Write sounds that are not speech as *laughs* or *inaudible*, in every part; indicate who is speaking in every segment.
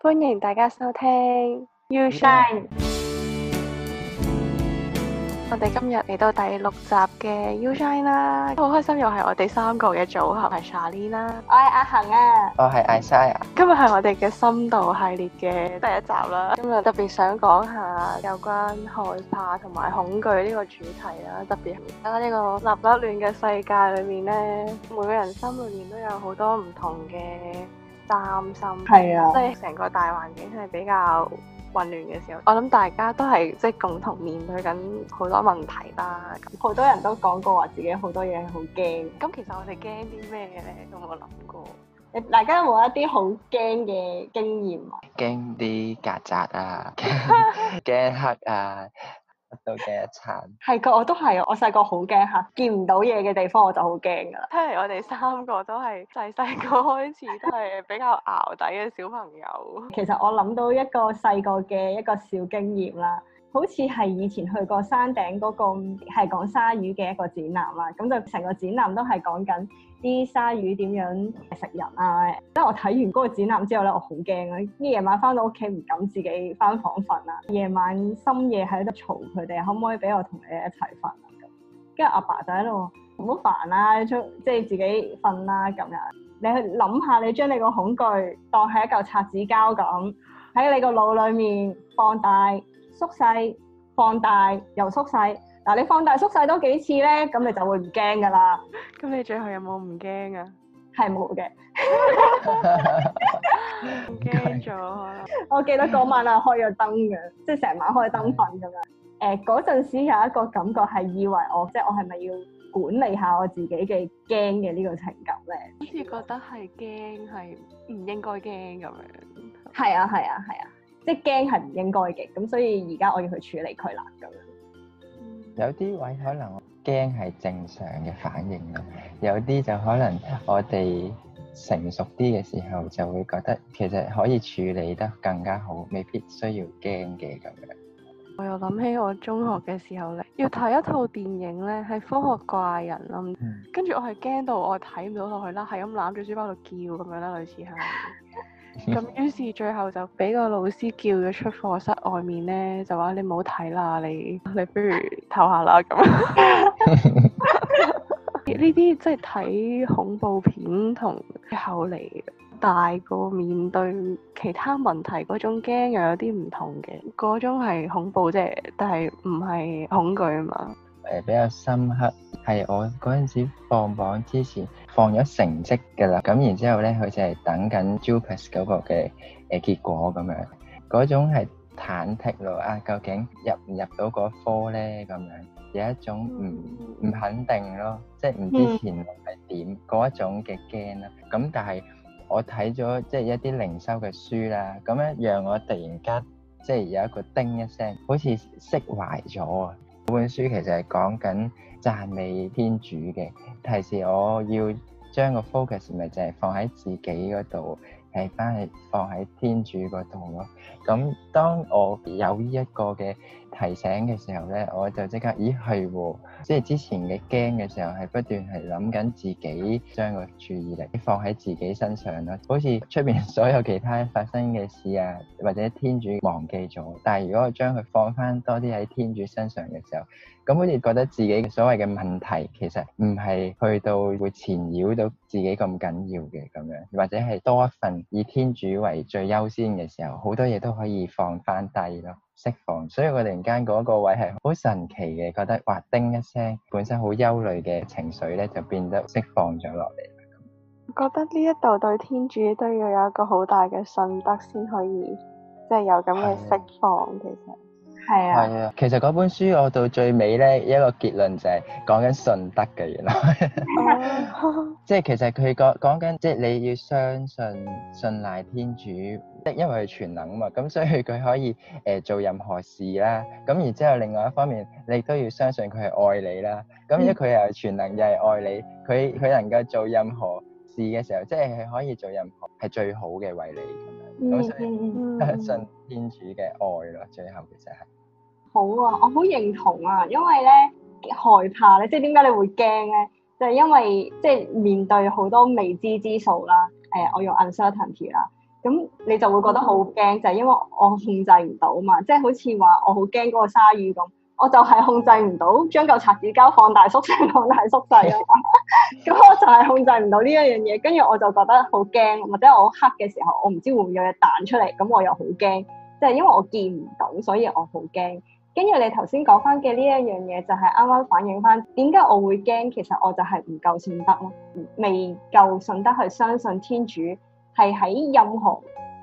Speaker 1: 歡迎大家收聽《U Shine》。我哋今日嚟到第六集嘅《U Shine》啦，好開心又係我哋三個嘅組合，係 Charlene 啦，
Speaker 2: 我係阿恒啊，
Speaker 3: 我係 Isaiah。
Speaker 1: 今日係我哋嘅深度系列嘅第一集啦，今日特別想講下有關害怕同埋恐懼呢個主題啦，特別喺呢個立立亂嘅世界裏面咧，每個人心裏面都有好多唔同嘅擔心，啊、即係成個大環境係比較混亂嘅時候，我諗大家都係即係共同面對緊
Speaker 2: 好多問題啦。好多人都講過話自己好多嘢係好驚。咁其實我哋驚啲咩嘅咧？都冇諗過。大家有冇一啲好驚嘅經驗
Speaker 3: 啊？驚啲曱甴啊！驚黑啊！得到
Speaker 2: 嘅一餐，係個 *laughs* 我都係，我細個好驚吓，見唔到嘢嘅地方我就好驚㗎喇。聽
Speaker 1: 嚟我哋三個都係，細細個開始都係比較熬底嘅小朋友。
Speaker 2: *laughs* 其實我諗到一個細個嘅一個小經驗啦。好似係以前去過山頂嗰個係講鯊魚嘅一個展覽啊。咁就成個展覽都係講緊啲鯊魚點樣食人啊！即係我睇完嗰個展覽之後咧，我好驚啊，呢夜晚翻到屋企唔敢自己翻房瞓啊！夜晚深夜喺度嘈佢哋，可唔可以俾我同你一齊瞓啊？咁跟住阿爸就喺度好煩啦，出即係自己瞓啦咁樣。你去諗下，你將你個恐懼當係一嚿擦紙膠咁喺你個腦裡面放大。縮細、放大、又縮細。嗱，你放大、縮細多幾次咧，咁你就會唔驚噶啦。咁你最後有冇唔驚啊？係冇嘅。唔驚咗。我記得嗰晚啊，開咗燈嘅，即係成晚開燈瞓咁樣。誒，嗰陣時有一個感覺係以為我，即係我係咪要管理下我自己嘅驚嘅呢個情感咧？好似
Speaker 1: 覺得係驚，係唔應該驚咁樣。
Speaker 2: 係啊，係啊，係啊。即係驚係唔應該嘅，咁所以而家我要去處理佢啦咁樣。
Speaker 3: 有啲位可能我驚係正常嘅反應啦，有啲就可能我哋成熟啲嘅時候就會覺得其實可以處理得更加好，未必需要驚嘅咁樣。樣
Speaker 1: *noise* 我又諗起我中學嘅時候咧，要睇一套電影咧係《科學怪人》啦， *noise* 跟住我係驚到我睇唔到落去啦，係咁攬住書包度叫咁樣啦，類似係。咁 *laughs* 於是最後就俾個老師叫咗出課室外面咧，就話你唔好睇啦，你你不如唞下啦咁。呢啲即係睇恐怖片，同後嚟大個面對其他問題嗰種驚又有啲唔同嘅，嗰種係恐怖啫，但係唔係恐懼啊嘛。
Speaker 3: 誒，比較深刻。係我嗰陣時放榜之前放咗成績㗎啦，咁然之後咧佢就係等緊 JUPAS 嗰個嘅誒、呃、結果咁樣，嗰種係忐忑咯啊，究竟入唔入到嗰科咧咁樣，有一種唔唔、嗯、肯定咯，即係唔知前途係點嗰一種嘅驚啦。咁但係我睇咗即係一啲靈修嘅書啦，咁咧讓我突然間即係有一個叮一聲，好似釋懷咗啊！本書其實係講緊讚美天主嘅提示，我要將個 focus 咪就係放喺自己嗰度，係翻去放喺天主嗰度咯。咁當我有呢一個嘅提醒嘅時候咧，我就即刻，咦係喎！即係之前嘅驚嘅時候，係不斷係諗緊自己，將個注意力放喺自己身上咯。好似出面所有其他發生嘅事啊，或者天主忘記咗。但係如果我將佢放翻多啲喺天主身上嘅時候，咁好似覺得自己所謂嘅問題其實唔係去到會纏擾到自己咁緊要嘅咁樣，或者係多一份以天主為最優先嘅時候，好多嘢都可以放翻低咯。釋放，所以佢突然間嗰個位係好神奇嘅，覺得哇，叮一聲，本身好憂慮嘅情緒咧就變得釋放咗落嚟。我
Speaker 1: 覺得呢一度對天主都要有一個好大嘅信德，先可以即係、就是、有咁嘅釋放。的其實。係啊，
Speaker 3: 其實嗰本書我到最尾咧，一個結論就係講緊信德嘅原來 *laughs* *laughs* 即，即係其實佢講講緊即係你要相信信賴天主，即因為佢全能啊嘛，咁所以佢可以誒、呃、做任何事啦。咁然之後，另外一方面，你都要相信佢係愛你啦。咁而為因為佢又係全能又係愛你，佢佢、嗯、能夠做任何事嘅時候，即係佢可以做任何係最好嘅為你
Speaker 2: 咁樣。咁所以、嗯、 *laughs*
Speaker 3: 信天主嘅愛咯，最後其實係。
Speaker 2: 好啊，我好認同啊，因為咧害怕咧，即係點解你會驚咧？就係因為即係面對好多未知之數啦，誒、呃，我用 uncertainty 啦，咁你就會覺得好驚，嗯、就係因為我控制唔到啊嘛，即係好似話我好驚嗰個鯊魚咁，我就係控制唔到，將嚿擦紙膠放大縮細，放大縮細啊，咁 *laughs* *laughs* 我就係控制唔到呢一樣嘢，跟住我就覺得好驚，或者我黑嘅時候，我唔知會唔會有嘢彈出嚟，咁我又好驚，即係因為我見唔到，所以我好驚。跟住你頭先講翻嘅呢一樣嘢，就係啱啱反映翻點解我會驚，其實我就係唔夠信德咯，未夠信德去相信天主係喺任何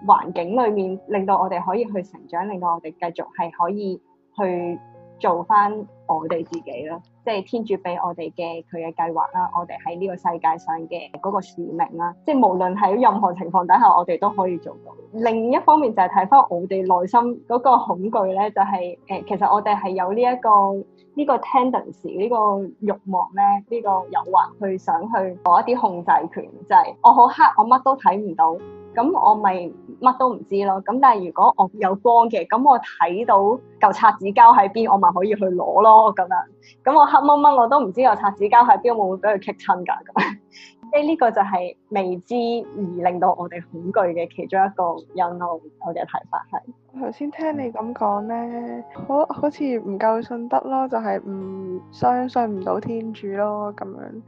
Speaker 2: 環境裡面令到我哋可以去成長，令到我哋繼續係可以去做翻。我哋自己啦，即係天主俾我哋嘅佢嘅計劃啦，我哋喺呢個世界上嘅嗰個使命啦，即係無論喺任何情況底下，我哋都可以做到。另一方面就係睇翻我哋內心嗰個恐懼咧，就係，誒，其實我哋係有呢一個呢個 tendency 呢個慾望咧，呢個誘惑去想去攞一啲控制權，就係我好黑，我乜都睇唔到。咁我咪乜都唔知咯，咁但係如果我有光嘅，咁我睇到嚿擦紙膠喺邊，我咪可以去攞咯咁樣。咁我黑蚊蚊我都唔知嚿擦紙膠喺邊，會唔會俾佢劈親㗎咁。即呢 *laughs* 個就係未知而令到我哋恐懼嘅其中一個因素。You know, 我嘅睇法係。
Speaker 1: 頭先聽你咁講咧，好好似唔夠信德咯，就係、是、唔相信唔到天主咯咁樣。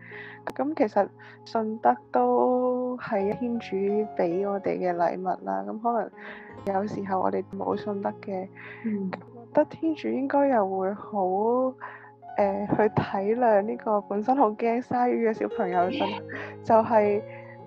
Speaker 1: 咁其實信德都係天主俾我哋嘅禮物啦。咁可能有時候我哋冇信德嘅，嗯、覺得天主應該又會好誒、呃、去體諒呢個本身好驚鯊魚嘅小朋友，信就係、是、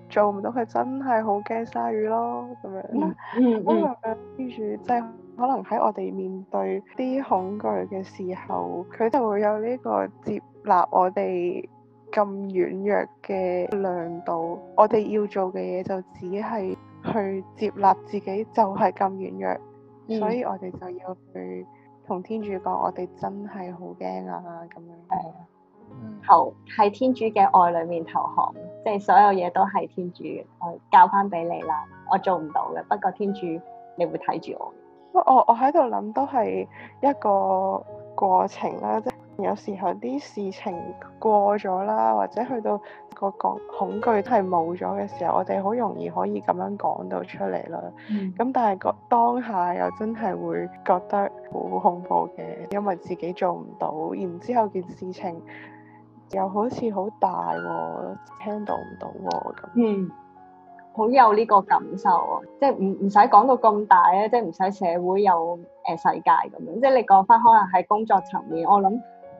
Speaker 1: 做唔到佢真係好驚鯊魚咯。咁樣因為，嗯、天主即係可能喺我哋面對啲恐懼嘅時候，佢就會有呢個接納我哋咁軟弱嘅量度，我哋要做嘅嘢就只係去接納自己就係、是、咁軟弱，嗯、所以我哋就要去同天主講，我哋真係
Speaker 2: 好驚啊咁樣。係啊，好，喺天主嘅愛裏面投降，即係所有嘢都係天主，我交返俾你啦，我做唔到嘅。不過天主，你會睇住我，
Speaker 1: 我。我我喺度諗都係一個過程啦，即有時候啲事情過咗啦，或者去到個恐恐懼都係冇咗嘅時候，我哋好容易可以咁樣講到出嚟啦。咁、嗯、但係個當下又真係會覺得好恐怖嘅，因為自己做唔到，然之後件事情又好似好大喎 handle 唔到喎咁。嗯，
Speaker 2: 好有呢個感受啊！即係唔唔使講到咁大咧，即係唔使社會有誒世界咁樣。即係你講翻可能喺工作層面，我諗。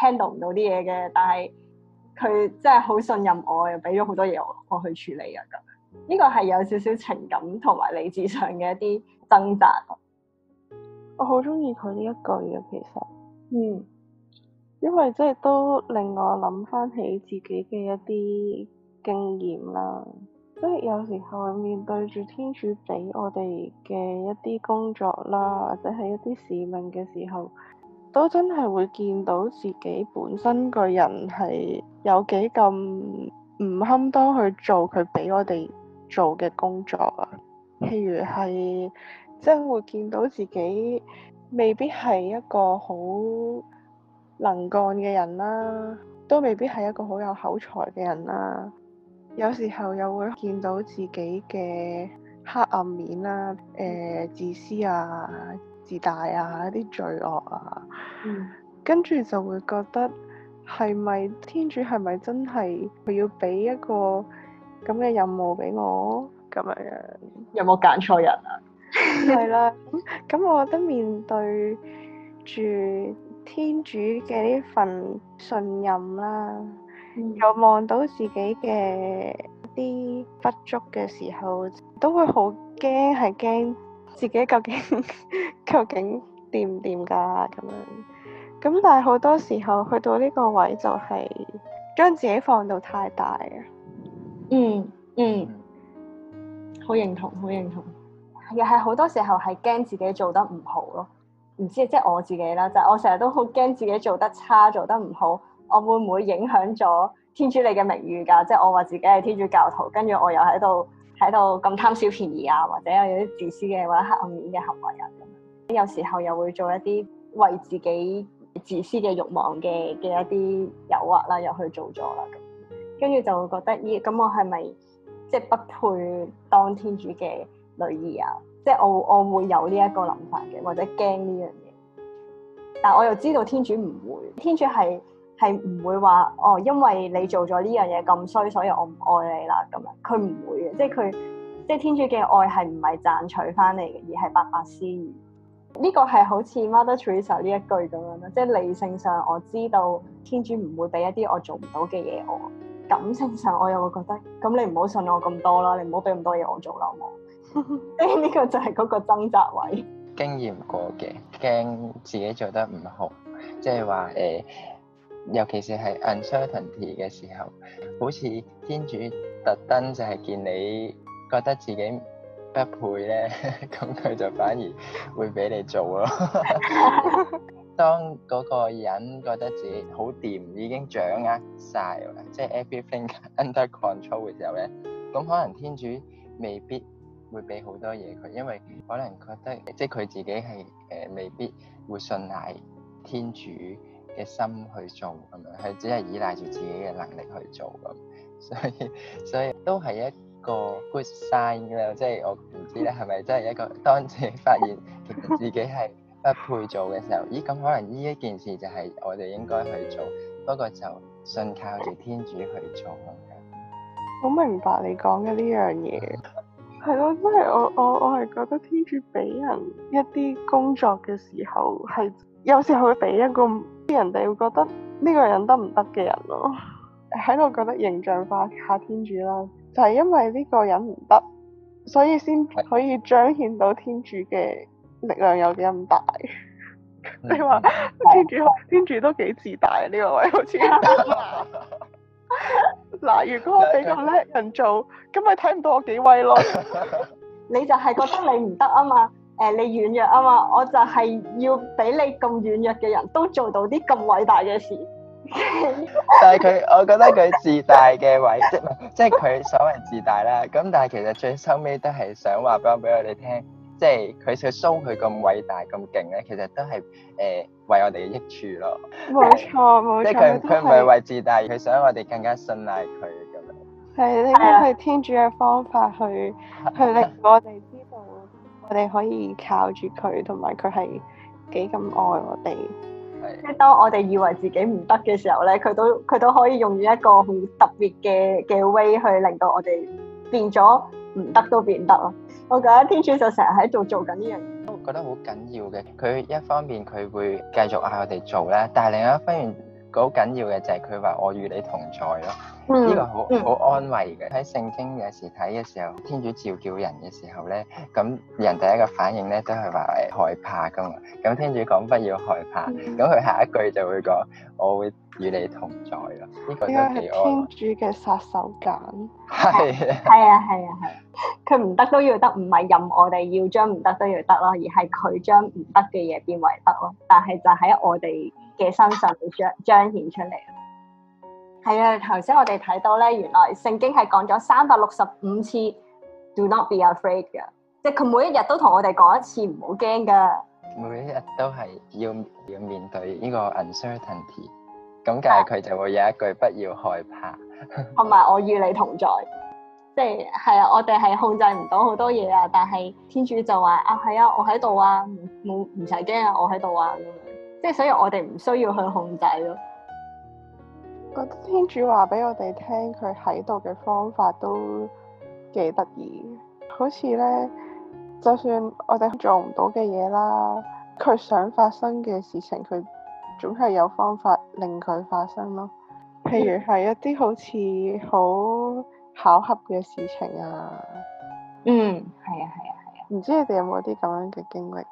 Speaker 2: handle 唔到啲嘢嘅，但係佢真係好信任我，又俾咗好多嘢我去處理啊，咁呢個係有少少情感同埋理智上嘅一啲掙扎。我
Speaker 1: 好中意佢呢一句嘅，其實，嗯，因為即係都令我諗翻起自己嘅一啲經驗啦。所以有時候面對住天主俾我哋嘅一啲工作啦，或者係一啲使命嘅時候。都真係會見到自己本身個人係有幾咁唔堪當去做佢俾我哋做嘅工作啊，譬如係真、即係、會見到自己未必係一個好能幹嘅人啦，都未必係一個好有口才嘅人啦，有時候又會見到自己嘅黑暗面啦、啊，誒、呃、自私啊～時代啊，一啲罪惡啊，嗯、跟住就會覺得係咪天主係咪真係要俾一個咁嘅任務
Speaker 2: 俾我咁樣樣？有冇揀錯人啊？
Speaker 1: 係啦， *laughs* *laughs* 咁我覺得面對住天主嘅呢份信任啦，嗯、又望到自己嘅啲不足嘅時候，都會好驚，係驚自己究竟 *laughs* 究竟掂唔掂噶，咁樣咁？但係好多時候去到呢個位就係將自己放到太大啊、嗯。嗯嗯，
Speaker 2: 好認同，好認同。又係好多時候係驚自己做得唔好咯。唔知即係、就是、我自己啦，就係、我成日都好驚自己做得差，做得唔好。我會唔會影響咗天主你嘅名譽噶？即、就、係、係、我話自己係天主教徒，跟住我又喺度喺度咁貪小便宜啊，或者有啲自私嘅或者黑暗面嘅行為啊有時候又會做一啲為自己自私嘅欲望嘅嘅一啲誘惑啦，又去做咗啦，跟住就會覺得咦？咁我係咪即係不配當天主嘅女兒啊？即係我我會有呢一個諗法嘅，或者驚呢樣嘢。但我又知道天主唔會，天主係係唔會話哦，因為你做咗呢樣嘢咁衰，所以我唔愛你啦咁樣。佢唔會嘅，即係佢即係天主嘅愛係唔係賺取翻嚟嘅，而係白白施予。呢個係好似 Mother Teresa 呢一句咁樣咯，即係理性上我知道天主唔會俾一啲我做唔到嘅嘢我，感性上我又會覺得，咁你唔好信我咁多啦，你唔好俾咁多嘢我做啦，好冇？呢 *laughs* 個就係嗰個掙扎位經
Speaker 3: 驗，經驗過嘅，驚自己做得唔好，即係話，誒，尤其是係 uncertainty 嘅時候，好似天主特登就係見你覺得自己不配咧，咁佢就反而會俾你做咯。當嗰個人覺得自己好掂，已經掌握晒，即係 everything under control 嘅時候咧，咁可能天主未必會俾好多嘢佢，因為可能覺得即係佢自己係，誒未必會信賴天主嘅心去做咁樣，佢只係依賴住自己嘅能力去做咁，所以所以都係一一個 good sign 啦，即係我唔知咧係咪，真係一個 *laughs* 當自己發現自己係不配做嘅時候，咦咁可能呢一件事就係我哋應該去做，不過就信靠住天主去做咁樣。
Speaker 1: 好明白你講嘅呢樣嘢，係咯，即係 *laughs* 我我我係覺得天主俾人一啲工作嘅時候，係有時候會俾一個人哋會覺得呢個人得唔得嘅人咯，喺 *laughs* 我覺得形象化下天主啦。就係因為呢個人唔得，所以先可以彰顯到天主嘅力量有幾咁大。 *laughs* 你話天主，天主都幾自大啊？呢、呢個位好
Speaker 2: 似嗱， *laughs* 如果我俾個叻人做，咁咪睇唔到我幾威咯？你就係覺得你唔得啊嘛？誒，你軟弱啊嘛？我就係要俾你咁軟弱嘅人都做到啲咁偉大嘅事。 *laughs*
Speaker 3: 但係佢，我覺得佢自大嘅位， *laughs* 即係即係佢所謂自大啦。咁 *laughs* 但係其實最收尾都係想話俾我俾我哋聽，即係佢想 show 佢咁偉大咁勁咧，其實都係誒、呃、為我哋嘅益處咯。
Speaker 1: 冇錯錯，冇錯是。即係佢佢唔
Speaker 3: 係為自大，佢想我哋更加信賴佢
Speaker 1: 咁樣。係呢啲係天主嘅方法去去令我
Speaker 2: 哋知道
Speaker 1: 我哋可以靠住佢，同埋佢係幾咁愛我哋。
Speaker 2: 即係當我哋以為自己唔得嘅時候咧，佢都佢都可以用一個好特別嘅嘅 way 去令到我哋變咗唔得都變得咯。我覺得天主就成日喺度做緊呢樣嘢，都
Speaker 3: 覺得好緊要嘅。佢一方面佢會繼續嗌我哋做咧，但係另一方面。好緊要嘅就係佢話我與你同在咯，
Speaker 2: 呢個好好
Speaker 3: 安慰嘅。喺聖經有時睇嘅時候，天主召叫人嘅時候咧，咁人第一個反應咧都係話害怕噶嘛。咁天主講，不要害怕，咁佢下一句就會講，我會。與你同在咯，呢、這個
Speaker 2: 都幾安樂。天主嘅殺手鐧係係啊係啊係，佢唔、 *laughs* yeah, yeah, yeah, yeah. 得都要得，唔係任我哋要將唔得都要得咯，而係佢將唔得嘅嘢變為得咯。但係就喺我哋嘅身上度彰彰顯出嚟。係啊，頭先我哋睇到咧，原來聖經係講咗三百六十五次，Do not be afraid 嘅，即係佢每一日都同我哋講一次唔好驚噶。
Speaker 3: 每一日都係要要面對呢個 uncertainty。咁但係佢就會有一句不要害怕，
Speaker 2: 同 *laughs* 埋我與你同在，即係，係啊，我哋係控制唔到好多嘢啊，但係天主就話啊係啊，我喺度啊，唔冇唔使驚啊，我喺度啊咁樣，即係所以我哋唔需要去控制咯。我
Speaker 1: 覺得天主話俾我哋聽，佢喺度嘅方法都幾得意，好似咧，就算我哋做唔到嘅嘢啦，佢想發生嘅事情佢。總係有方法令佢發生咯，譬如係一啲好似好巧合嘅事情啊。嗯，
Speaker 2: 係啊，係啊，
Speaker 1: 係啊。唔知你哋有冇啲咁樣嘅經歷？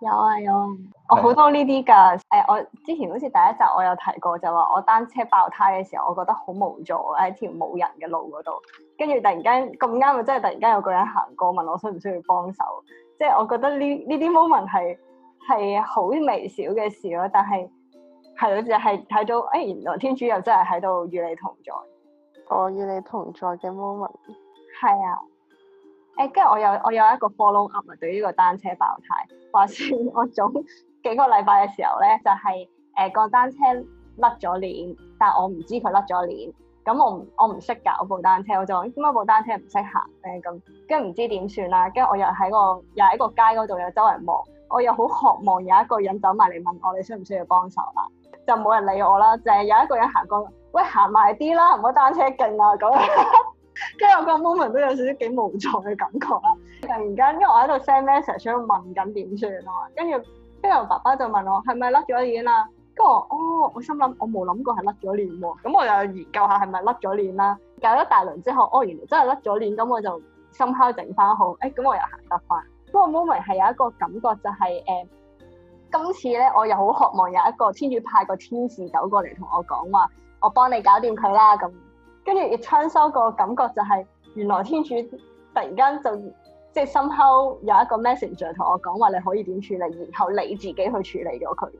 Speaker 2: 有啊，有啊， *noise* 我好多呢啲噶。誒、哎，我之前好似第一集我有提過，就話我單車爆胎嘅時候，我覺得好無助啊喺條冇人嘅路嗰度，跟住突然間咁啱，真係、就是、突然間有個人行過問我需唔需要幫手，即、就、係、是、我覺得呢呢啲 moment 係。係好微小嘅事咯，但係係咯，就係睇到哎，原來天主又真係喺度與你同在，我與你同在嘅 moment 係啊。誒、欸，跟住我有我有一個 follow up 啊，對於個單車爆胎話說。我總幾個禮拜嘅時候咧，就係、是、誒，個、呃、單車甩咗鏈，但我唔知佢甩咗鏈咁，我唔我唔識搞部單車，我就點解部單車唔識行咧？咁跟住唔知點算啦。跟住我又喺個又喺個街嗰度，又周圍望。我又好渴望有一個人走埋嚟問我，你需唔需要幫手啦、啊？就冇人理我啦，淨係有一個人行過，喂行埋啲啦，唔好單車勁啊咁。跟住我個 moment 都有少少幾無助嘅感覺啦。突然間，因為我喺度 send message 想去問緊點算啊，跟住跟住我爸爸就問我係咪甩咗鏈啦、啊？跟住我哦，我心諗我冇諗過係甩咗鏈喎、啊。咁我又研究下係咪甩咗鏈啦、啊。搞咗大輪之後，哦，原來真係甩咗鏈，咁我就心敲整翻好，誒、欸、咁我又行得快。不過 moment 係有一個感覺就係、是、誒、欸，今次咧我又好渴望有一個天主派個天使走過嚟同我講話，我幫你搞掂佢啦咁。跟住亦槍收個感覺就係、是，原來天主突然間就即係心口有一個 message 同我講話，你可以點處理，然後你自己去處理咗佢。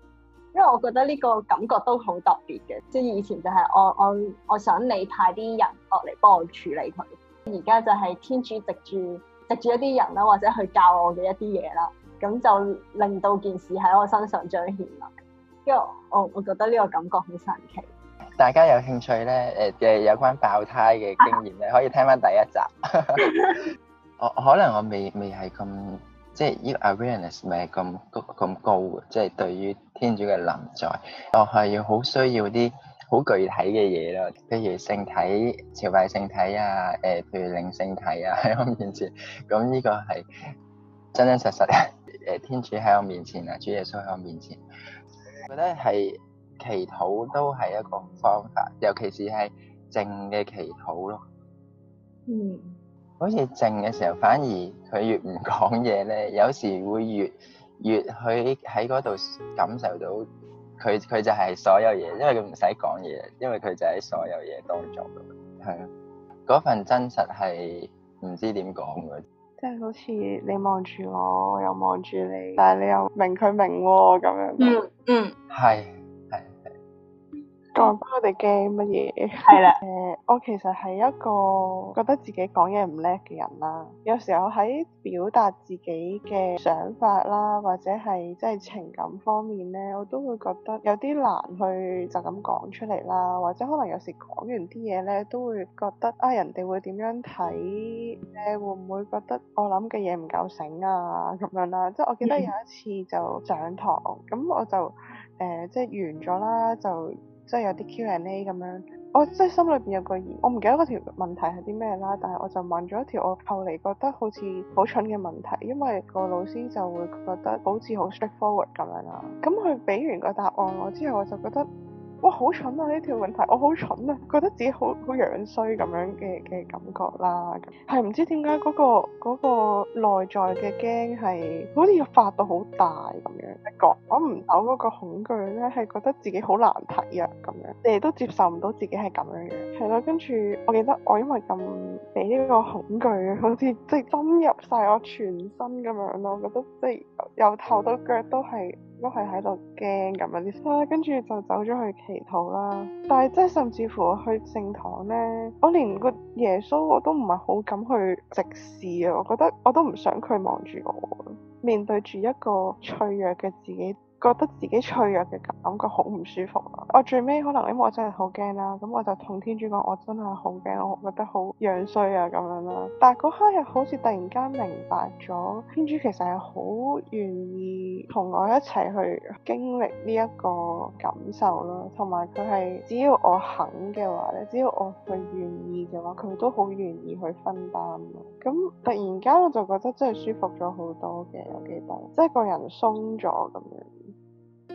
Speaker 2: 因為我覺得呢個感覺都好特別嘅，即係以前就係我我我想你派啲人落嚟幫我處理佢，而家就係天主直住食住一啲人啦，或者去教我嘅一啲嘢啦，咁就令到件事喺我身上彰顯啦。因為我我覺得呢個感覺好神奇。
Speaker 3: 大家有興趣咧，誒、呃、嘅有關爆胎嘅經驗咧，可以聽翻第一集。 *laughs* *laughs* 我可能我未未係咁，即係呢個 awareness 未係咁高咁高嘅，即係對於天主嘅臨在，我係要好需要啲。好具體嘅嘢咯，譬如聖體、朝拜聖體啊，誒、呃，譬如領聖體啊喺我面前，咁、這、呢個係真真實實嘅誒，天主喺我面前啊，主耶穌喺我面前，覺得係祈禱都係一個方法，尤其是係靜嘅祈禱咯。嗯。好似靜嘅時候，反而佢越唔講嘢咧，有時會越越去喺嗰度感受到。佢佢就係所有嘢，因為佢唔使講嘢，因為佢就喺所有嘢當中。係啊，嗰份真實係
Speaker 1: 唔知點講嘅。即係好似你望住我，我又望住你，但係你又明佢明喎咁樣。嗯嗯，係、嗯。講返我哋驚乜嘢？係 *laughs* 啦。誒，uh，我其實係一個覺得自己講嘢唔叻嘅人啦。有時候喺表達自己嘅想法啦，或者係即係情感方面咧，我都會覺得有啲難去就咁講出嚟啦。或者可能有時講完啲嘢咧，都會覺得啊，人哋會點樣睇？誒，會唔會覺得我諗嘅嘢唔夠醒啊？咁樣啦。即係我記得有一次就上堂，咁我就誒即係完咗啦，就。即係有啲 Q and A 咁樣，我即係心裏邊有個疑，我唔記得嗰條問題係啲咩啦，但係我就問咗一條我後嚟覺得好似好蠢嘅問題，因為個老師就會覺得好似好 straightforward 咁樣啦，咁佢俾完個答案我之後，我就覺得。哇，好蠢啊！呢條問題，我好蠢啊，覺得自己好好樣衰咁樣嘅嘅感覺啦，咁係唔知點解嗰個嗰個內在嘅驚係好似發到好大咁樣，我我唔到嗰個恐懼咧，係覺得自己好難睇啊咁樣，你都接受唔到自己係咁樣嘅。係咯，跟住我記得我因為咁俾呢個恐懼，好似即係深入晒我全身咁樣咯，我覺得即係由頭到腳都係。都係喺度驚咁樣啲啦，跟住就走咗去祈禱啦。但係即係甚至乎去聖堂咧，我連個耶穌我都唔係好敢去直視啊！我覺得我都唔想佢望住我，面對住一個脆弱嘅自己。覺得自己脆弱嘅感覺好唔舒服咯、啊。我最尾可能因為我真係好驚啦，咁我就同天主講：我真係好驚，我覺得好、啊、樣衰啊咁樣啦。但係嗰刻又好似突然間明白咗，天主其實係好願意同我一齊去經歷呢一個感受咯。同埋佢係只要我肯嘅話咧，只要我去願意嘅話，佢都好願意去分擔。咁突然間我就覺得真係舒服咗好多嘅，我記得，即、就、係、是、個人鬆咗咁樣。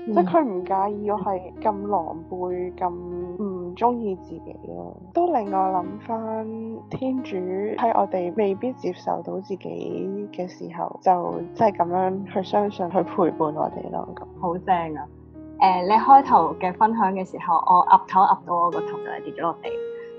Speaker 1: 嗯、即係佢唔介意我係咁狼狽咁唔中意自己咯，都令我諗翻天主喺我哋未必接受到自己嘅時候，就即係咁樣去相信去陪伴我哋咯。
Speaker 2: 好正啊！誒、啊，你開頭嘅分享嘅時候，我岌頭岌到我個頭就係跌咗落地。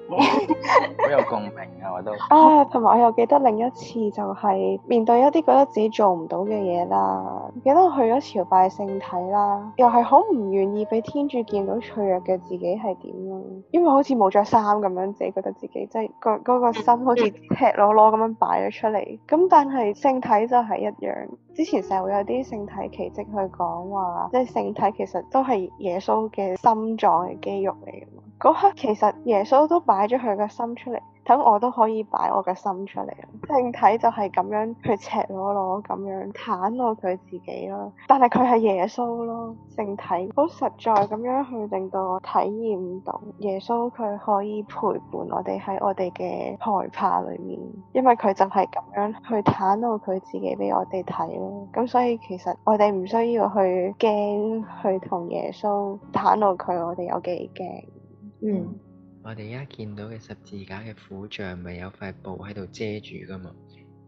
Speaker 2: 好有共鳴啊！我都啊，同
Speaker 1: 埋我又記得另一次就係面對一啲覺得自己做唔到嘅嘢啦，記得我去咗朝拜聖體啦，又係好唔願意俾天主見到脆弱嘅自己係點樣，因為好似冇着衫咁樣，自己覺得自己即係嗰嗰個心好似赤裸裸咁樣擺咗出嚟。咁但係聖體就係一樣，之前成日會有啲聖體奇蹟去講話，即係聖體其實都係耶穌嘅心臟嘅肌肉嚟嘅。嗰刻其實耶穌都擺咗佢嘅心出嚟，等我都可以擺我嘅心出嚟咯。聖體就係咁樣去赤裸裸咁樣袒露佢自己咯，但係佢係耶穌咯。聖體好實在咁樣去令到我體驗到耶穌佢可以陪伴我哋喺我哋嘅害怕裏面，因為佢就係咁樣去袒露佢自己俾我哋睇咯。咁所以其實我哋唔需要去驚去同耶穌袒露佢我哋有幾驚。
Speaker 3: 嗯，我哋而家見到嘅十字架嘅苦像，咪有塊布喺度遮住噶嘛？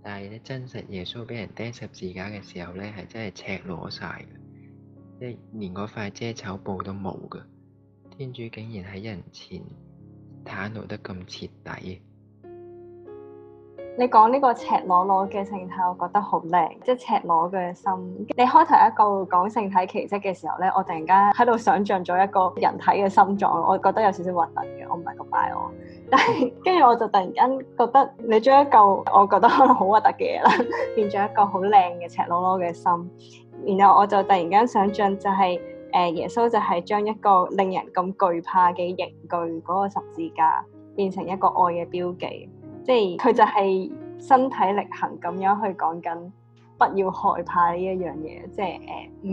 Speaker 3: 但係咧真實耶穌畀人釘十字架嘅時候咧，係真係赤裸晒嘅，即係連嗰塊遮醜布都冇噶。天主竟然喺人前袒露得咁徹底。
Speaker 2: 你講呢個赤裸裸嘅聖體，我覺得好靚，即係赤裸嘅心。你開頭一個講聖體奇蹟嘅時候咧，我突然間喺度想像咗一個人體嘅心臟，我覺得有少少核突嘅，我唔係咁 b 我。但係跟住我就突然間覺得你將一嚿我覺得可能好核突嘅嘢啦，變咗一個好靚嘅赤裸裸嘅心。然後我就突然間想像就係、是、誒耶穌就係將一個令人咁懼怕嘅刑具嗰個十字架變成一個愛嘅標記。即係佢就係身體力行咁樣去講緊，不要害怕呢一樣嘢。即係誒，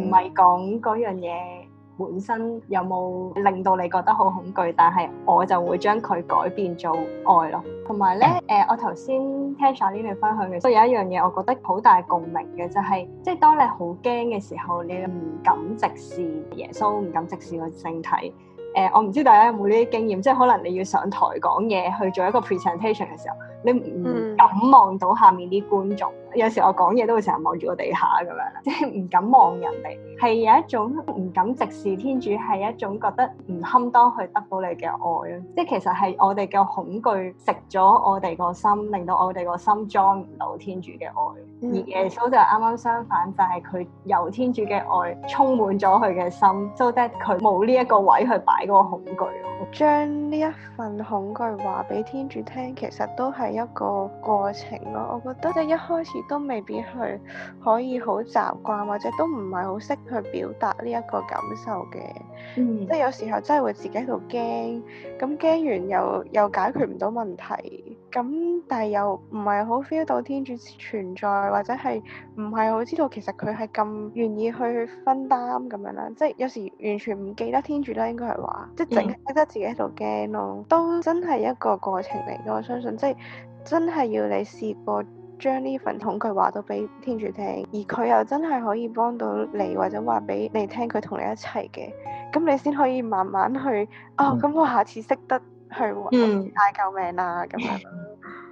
Speaker 2: 唔係講嗰樣嘢本身有冇令到你覺得好恐懼，但係我就會將佢改變做愛咯。同埋咧，誒、呃，我頭先聽咗呢位分享嘅，都有一樣嘢，我覺得好大共鳴嘅，就係、是、即係當你好驚嘅時候，你唔敢直視耶穌，唔敢直視個聖體。誒、呃，我唔知大家有冇呢啲經驗，即係可能你要上台講嘢去做一個 presentation 嘅時候，你唔？嗯咁望到下面啲觀眾，有時我講嘢都會成日望住個地下，咁樣，即係唔敢望人哋，係有一種唔敢直視天主，係一種覺得唔堪當去得到你嘅愛啊！即係其實，係我哋嘅恐懼食咗我哋個心，令到我哋個心裝唔到天主嘅愛，嗯、而耶穌就啱啱相反，就係佢由天主嘅愛充滿咗佢嘅心，so that 佢冇呢一個位去擺個恐懼。
Speaker 1: 將呢一份恐懼話俾天主聽，其實都係一個。過程咯，我覺得即係一開始都未必去可以好習慣，或者都唔係好識去表達呢一個感受嘅。嗯，即係有時候真係會自己喺度驚，咁驚完又又解決唔到問題，咁但係又唔係好 feel 到天主存在，或者係唔係好知道其實佢係咁願意去分擔咁樣啦。即係有時完全唔記得天主咧，應該係話，即係淨係識得自己喺度驚咯。嗯、都真係一個過程嚟嘅，我相信即係。真係要你試過將呢份恐懼話到俾天主聽，而佢又真係可以幫到你，或者話俾你聽佢同你一齊嘅，咁你先可以慢慢去。嗯、哦，咁我下次識得去嗌、嗯、救命啦、啊、咁樣。 *laughs*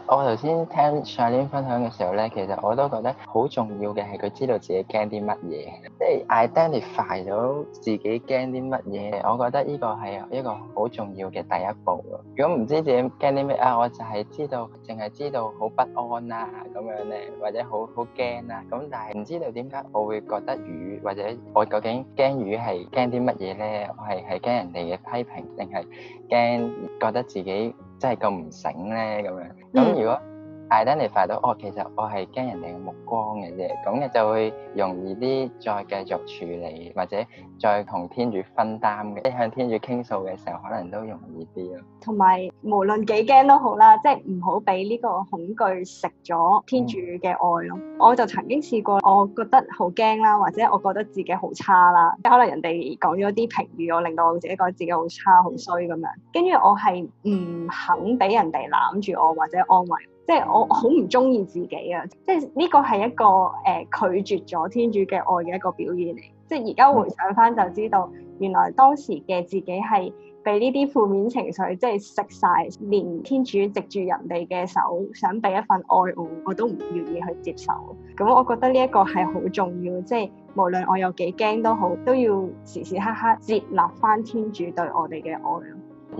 Speaker 3: 我頭先聽 Shirley 分享嘅時候咧，其實我都覺得好重要嘅係佢知道自己驚啲乜嘢，即係 identify 咗自己驚啲乜嘢。我覺得呢個係一個好重要嘅第一步。如果唔知自己驚啲咩啊，我就係知道，淨係知道好不安啊咁樣咧，或者好好驚啊咁，但係唔知道點解我會覺得魚，或者我究竟驚魚係驚啲乜嘢咧？我係係驚人哋嘅批評，定係驚覺得自己？真係咁唔醒咧咁樣咁 Yeah. 如果～大得嚟快到哦！其實我係驚人哋嘅目光嘅啫，咁你就會容易啲再繼續處理，或者再同天主分擔嘅。即向天主傾訴嘅時候，可能都容易啲咯。
Speaker 2: 同埋無論幾驚都好啦，即係唔好俾呢個恐懼食咗天主嘅愛咯。嗯、我就曾經試過，我覺得好驚啦，或者我覺得自己好差啦。可能人哋講咗啲評語，我令到我自己覺得自己好差、好衰咁樣。跟住我係唔肯俾人哋攬住我或者安慰。即係我好唔中意自己啊！即係呢個係一個誒、呃、拒絕咗天主嘅愛嘅一個表現嚟。即係而家回想翻就知道，嗯、原來當時嘅自己係俾呢啲負面情緒即係食晒，連天主藉住人哋嘅手想俾一份愛我，我都唔願意去接受。咁我覺得呢一個係好重要，即係無論我有幾驚都好，都要時時刻刻接納翻天主對我哋嘅愛。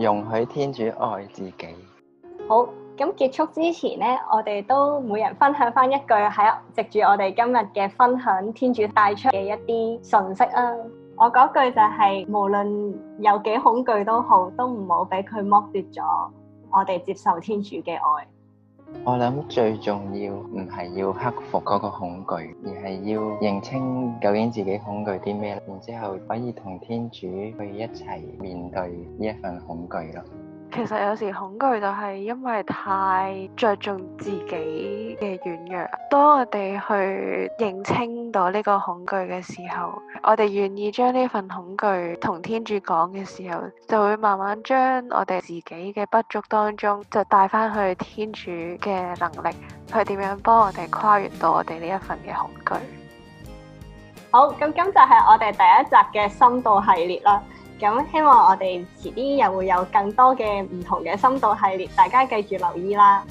Speaker 3: 容許天主愛自己。
Speaker 2: 好。咁結束之前咧，我哋都每人分享翻一句喺藉住我哋今日嘅分享，天主帶出嘅一啲信息啊！我嗰句就係無論有幾恐懼都好，都唔好俾佢剝奪咗我哋接受天主嘅愛。
Speaker 3: 我諗最重要唔係要克服嗰個恐懼，而係要認清究竟自己恐懼啲咩，然之後可以同天主去一齊面對呢一份恐懼咯。
Speaker 1: 其實有時恐懼就係因為太着重自己嘅軟弱。當我哋去認清到呢個恐懼嘅時候，我哋願意將呢份恐懼同天主講嘅時候，就會慢慢將我哋自己嘅不足當中，就帶翻去天主嘅能力，去點樣幫我哋跨越到我哋呢一份嘅恐懼。好，噉今集就
Speaker 2: 係我哋第一集嘅深度系列啦。咁希望我哋遲啲又會有更多嘅唔同嘅深度系列，大家記住留意啦。